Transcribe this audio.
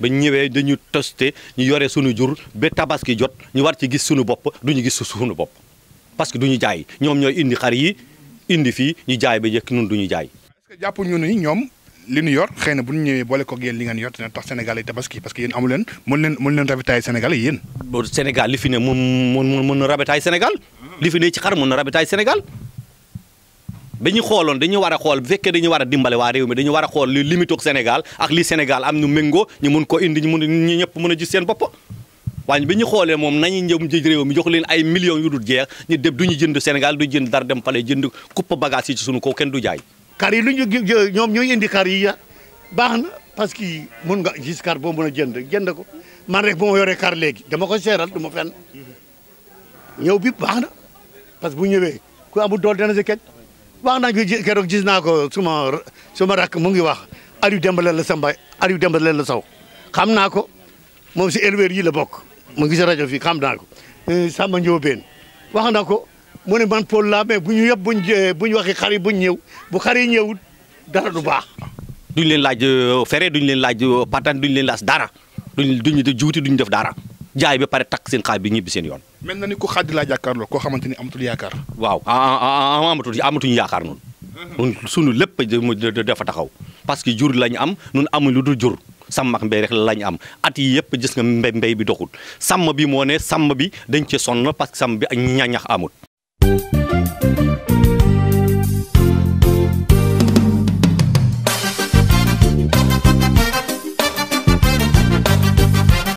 bañ ñëwee dañu toste ñu yore suñu jur ba tabaski jot ñu war ci gis suñu bopp du ñu gis suñu bopp parce que ñu jaay ñoom ñooy indi xar yi indi fii ñu jaay ba njëkk nun duñu jaay. est-ce que jàpp ñu ni ñoom li ñu yor xëy na bu ñu ñëwee boole koog yéen li ngeen yor dina tax Sénégal yi tabaski parce que yéen amu leen mën leen mën leen rabitaay Sénégal yéen. Sénégal li fi ne mën mën mën na rabitaay Sénégal. li fi ne ci xar mën na rabitaay Sénégal dañu xooloon dañu war a xool bu fekkee dañu war a dimbale waa réew mi dañu war a xool li limite ak Sénégal ak li Sénégal am ñu méngoo ñu mun ko indi ñu mun ñu ñëpp mën a gis seen moom nañu njëm ji réew mi jox leen ay millions yu dul jeex ñu du ñu jënd Sénégal du jënd dara dem fale jënd kuppa bagage yi ci sunu kaw kenn du jaay kar yi lu ñoom ñooy indi kar yi baax na parce que mun nga gis kar boo mën a jënd jënd ko man rek bu ma yoree kar léegi dama ko seeral du ma fenn ñëw bi baax na parce que bu ñëwee ku amul dool dana si wax nañ ko keroog gis naa ko suma suma rakk mu ngi wax Aliou Dembélé la Samba Aliou Dembélé la saw xam naa ko moom si éleveur yi la bokk mu ngi si rajo fii xam naa ko e, Samba Ndiobène wax na ko mu ne man Paul laa mais bu ñu yëpp bu ñu waxi xar yi buñ ñëw bu xar yi ñëwul dara du baax duñ leen laaj euh, fere duñ leen laaj euh, patane duñ leen laaj dara duñ duñ juuti duñ def dara jaay ba pare takk seen xaalis bi ñibbi seen yoon. mel na ni ku xàddi laa jàkkaarloo koo xamante ni amatul yaakaar. waaw amatul amatuñu yaakaar noonu. ñun mhm. suñu lépp defa taxaw parce que jur lañu am ñun amuñ lu dul jur. sàmm ak mbéy rek lañu am at yi yëpp gis nga mbéy mbéy bi doxul sàmm bi moo nee sàmm bi dañ ci sonn parce que sàmm bi ak ñañax amut.